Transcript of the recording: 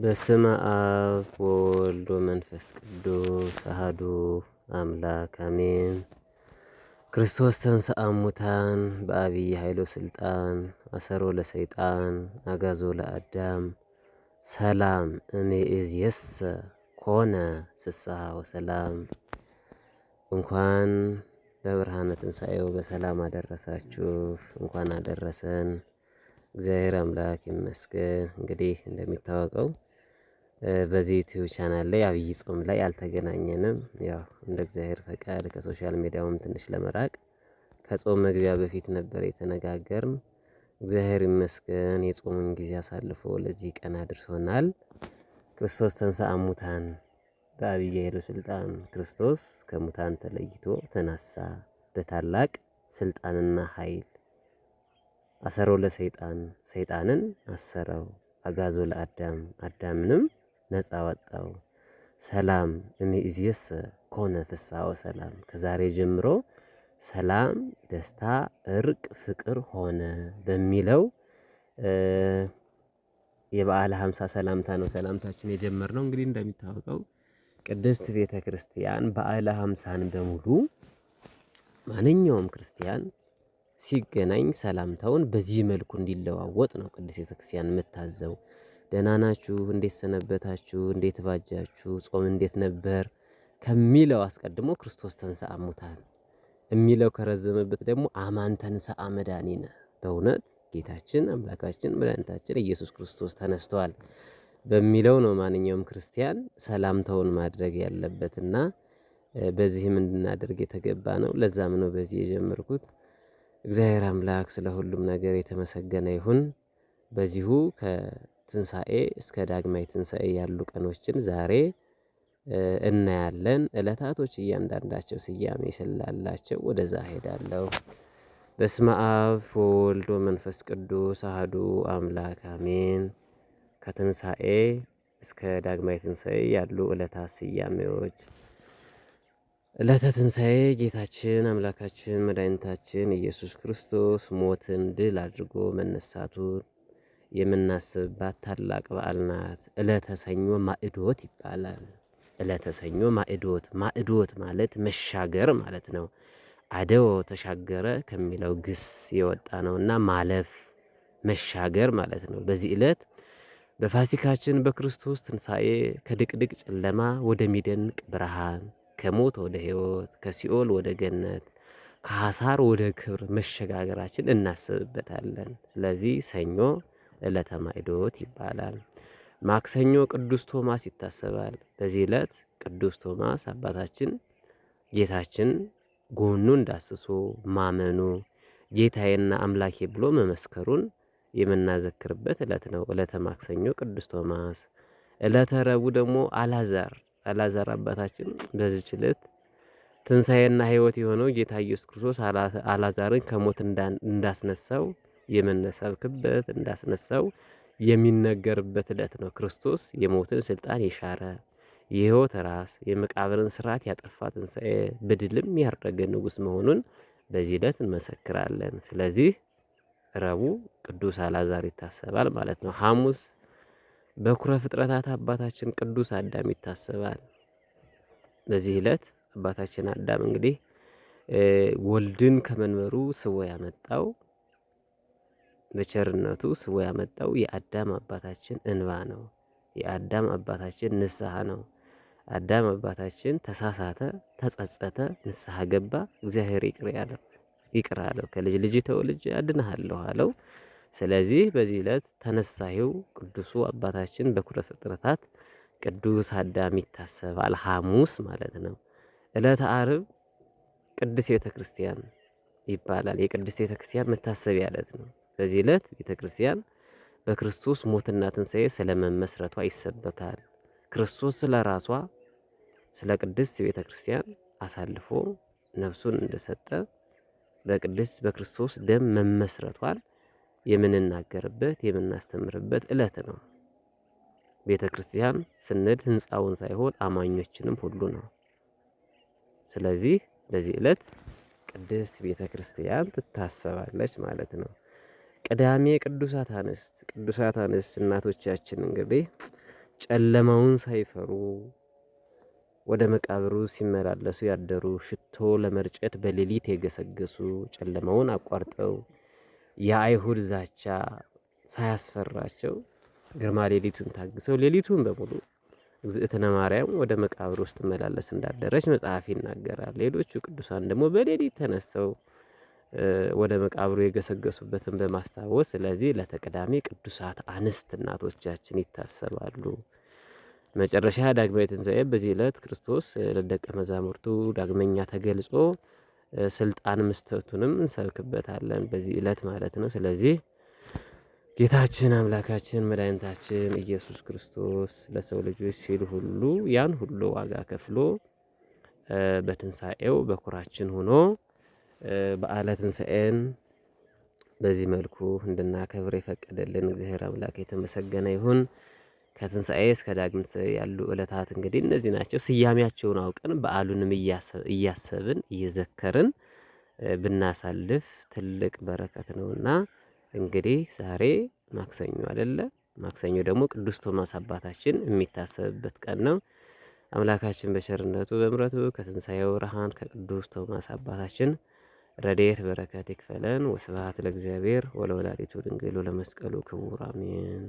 በስመ አብ ወወልድ ወመንፈስ ቅዱስ አሐዱ አምላክ አሜን። ክርስቶስ ተንሥአ እሙታን በአብይ ኃይሎ ስልጣን አሰሮ ለሰይጣን አጋዞ ለአዳም ሰላም እምይእዜሰ ኮነ ፍስሐ ወሰላም። እንኳን ለብርሃነ ትንሣኤው በሰላም አደረሳችሁ፣ እንኳን አደረሰን። እግዚአብሔር አምላክ ይመስገን። እንግዲህ እንደሚታወቀው በዚህ ዩቲዩብ ቻናል ላይ አብይ ጾም ላይ አልተገናኘንም። ያው እንደ እግዚአብሔር ፈቃድ ከሶሻል ሚዲያውም ትንሽ ለመራቅ ከጾም መግቢያ በፊት ነበር የተነጋገርን። እግዚአብሔር ይመስገን የጾሙን ጊዜ አሳልፎ ለዚህ ቀን አድርሶናል። ክርስቶስ ተንሥአ እሙታን በአብይ ኃይሉ ስልጣን ክርስቶስ ከሙታን ተለይቶ ተነሳ በታላቅ ስልጣንና ኃይል አሰሮ ለሰይጣን ሰይጣንን አሰረው፣ አጋዞ ለአዳም አዳምንም ነፃ ወጣው። ሰላም እምይእዜሰ ኮነ ፍስሐ ሰላም ከዛሬ ጀምሮ ሰላም፣ ደስታ፣ እርቅ፣ ፍቅር ሆነ በሚለው የበዓለ ሀምሳ ሰላምታ ነው ሰላምታችን የጀመርነው። እንግዲህ እንደሚታወቀው ቅድስት ቤተ ክርስቲያን በዓለ ሀምሳን በሙሉ ማንኛውም ክርስቲያን ሲገናኝ ሰላምታውን በዚህ መልኩ እንዲለዋወጥ ነው ቅድስት ቤተክርስቲያን የምታዘው። ደህና ናችሁ? እንዴት ሰነበታችሁ? እንዴት ባጃችሁ? ጾም እንዴት ነበር? ከሚለው አስቀድሞ ክርስቶስ ተንሥአ እሙታን የሚለው ከረዘመበት ደግሞ አማን ተንሥአ መድኃኒነ፣ በእውነት ጌታችን አምላካችን መድኃኒታችን ኢየሱስ ክርስቶስ ተነስቷል በሚለው ነው ማንኛውም ክርስቲያን ሰላምታውን ማድረግ ያለበትና በዚህም እንድናደርግ የተገባ ነው። ለዛም ነው በዚህ የጀመርኩት። እግዚአብሔር አምላክ ስለ ሁሉም ነገር የተመሰገነ ይሁን። በዚሁ ከትንሣኤ እስከ ዳግማይ ትንሣኤ ያሉ ቀኖችን ዛሬ እናያለን። ዕለታቶች እያንዳንዳቸው ስያሜ ስላላቸው ወደዛ ሄዳለሁ። በስመ አብ ወወልድ ወመንፈስ ቅዱስ አህዱ አምላክ አሜን። ከትንሣኤ እስከ ዳግማይ ትንሣኤ ያሉ ዕለታት ስያሜዎች ዕለተ ትንሣኤ ጌታችን አምላካችን መድኃኒታችን ኢየሱስ ክርስቶስ ሞትን ድል አድርጎ መነሳቱን የምናስብባት ታላቅ በዓል ናት። ዕለተ ሰኞ ማዕዶት ይባላል። ዕለተ ሰኞ ማዕዶት፣ ማዕዶት ማለት መሻገር ማለት ነው። አደው ተሻገረ ከሚለው ግስ የወጣ ነውና ማለፍ መሻገር ማለት ነው። በዚህ ዕለት በፋሲካችን በክርስቶስ ትንሣኤ ከድቅድቅ ጨለማ ወደሚደንቅ ብርሃን ከሞት ወደ ህይወት ከሲኦል ወደ ገነት ከሐሳር ወደ ክብር መሸጋገራችን እናስብበታለን። ስለዚህ ሰኞ ዕለተ ማዕዶት ይባላል። ማክሰኞ ቅዱስ ቶማስ ይታሰባል። በዚህ ዕለት ቅዱስ ቶማስ አባታችን ጌታችን ጎኑ ዳስሶ ማመኑ ጌታዬና አምላኬ ብሎ መመስከሩን የምናዘክርበት ዕለት ነው። ዕለተ ማክሰኞ ቅዱስ ቶማስ። ዕለተ ረቡዕ ደግሞ አላዛር አላዛር አባታችን በዚች ዕለት ትንሣኤና ሕይወት የሆነው ጌታ ኢየሱስ ክርስቶስ አላዛርን ከሞት እንዳስነሳው የመነሰብክበት እንዳስነሳው የሚነገርበት ዕለት ነው። ክርስቶስ የሞትን ስልጣን የሻረ የሕይወት ራስ የመቃብርን ስርዓት ያጠፋ ትንሣኤ በድልም ያረገ ንጉሥ መሆኑን በዚህ ዕለት እንመሰክራለን። ስለዚህ ረቡዕ ቅዱስ አላዛር ይታሰባል ማለት ነው። ሐሙስ በኩረ ፍጥረታት አባታችን ቅዱስ አዳም ይታሰባል። በዚህ ዕለት አባታችን አዳም እንግዲህ ወልድን ከመንበሩ ስቦ ያመጣው በቸርነቱ ስቦ ያመጣው የአዳም አባታችን እንባ ነው። የአዳም አባታችን ንስሐ ነው። አዳም አባታችን ተሳሳተ፣ ተጸጸተ፣ ንስሐ ገባ። እግዚአብሔር ይቅር አለው። ከልጅ ልጅ ተወልጅ አድንሃለሁ አለው። ስለዚህ በዚህ ዕለት ተነሳሂው ቅዱሱ አባታችን በኩረ ፍጥረታት ቅዱስ አዳም ይታሰባል። ሐሙስ ማለት ነው። ዕለተ አርብ ቅድስት ቤተ ክርስቲያን ይባላል። የቅድስት ቤተ ክርስቲያን መታሰቢያ ዕለት ነው። በዚህ ዕለት ቤተ ክርስቲያን በክርስቶስ ሞትና ትንሣኤ ስለ መመስረቷ ይሰበካል። ክርስቶስ ስለ ራሷ ስለ ቅድስት ቤተ ክርስቲያን አሳልፎ ነፍሱን እንደሰጠ በቅድስት በክርስቶስ ደም መመስረቷል የምንናገርበት የምናስተምርበት ዕለት ነው። ቤተ ክርስቲያን ስንል ህንፃውን ሳይሆን አማኞችንም ሁሉ ነው። ስለዚህ ለዚህ ዕለት ቅድስት ቤተ ክርስቲያን ትታሰባለች ማለት ነው። ቅዳሜ ቅዱሳት አንስት ቅዱሳት አንስት እናቶቻችን እንግዲህ ጨለማውን ሳይፈሩ ወደ መቃብሩ ሲመላለሱ ያደሩ፣ ሽቶ ለመርጨት በሌሊት የገሰገሱ፣ ጨለማውን አቋርጠው የአይሁድ ዛቻ ሳያስፈራቸው ግርማ ሌሊቱን ታግሰው ሌሊቱን በሙሉ እግዝእትነ ማርያም ወደ መቃብር ውስጥ መላለስ እንዳደረች መጽሐፍ ይናገራል። ሌሎቹ ቅዱሳን ደግሞ በሌሊት ተነስተው ወደ መቃብሩ የገሰገሱበትን በማስታወስ ስለዚህ ለተቀዳሚ ቅዱሳት አንስት እናቶቻችን ይታሰባሉ። መጨረሻ ዳግማዊ ትንሣኤ በዚህ ዕለት ክርስቶስ ለደቀ መዛሙርቱ ዳግመኛ ተገልጾ ስልጣን መስጠቱንም እንሰብክበታለን በዚህ ዕለት ማለት ነው። ስለዚህ ጌታችን አምላካችን መድኃኒታችን ኢየሱስ ክርስቶስ ለሰው ልጆች ሲል ሁሉ ያን ሁሉ ዋጋ ከፍሎ በትንሣኤው በኩራችን ሆኖ በዓለ ትንሣኤን በዚህ መልኩ እንድናከብር የፈቀደልን እግዚአብሔር አምላክ የተመሰገነ ይሁን። ከትንሣኤ እስከ ዳግም ያሉ ዕለታት እንግዲህ እነዚህ ናቸው። ስያሜያቸውን አውቀን በዓሉንም እያሰብን እየዘከርን ብናሳልፍ ትልቅ በረከት ነውና እንግዲህ ዛሬ ማክሰኞ አደለ? ማክሰኞ ደግሞ ቅዱስ ቶማስ አባታችን የሚታሰብበት ቀን ነው። አምላካችን በቸርነቱ በምረቱ ከትንሣኤው ብርሃን ከቅዱስ ቶማስ አባታችን ረድኤት በረከት ይክፈለን። ወስብሐት ለእግዚአብሔር ወለወላዲቱ ድንግል ለመስቀሉ ክቡር አሜን።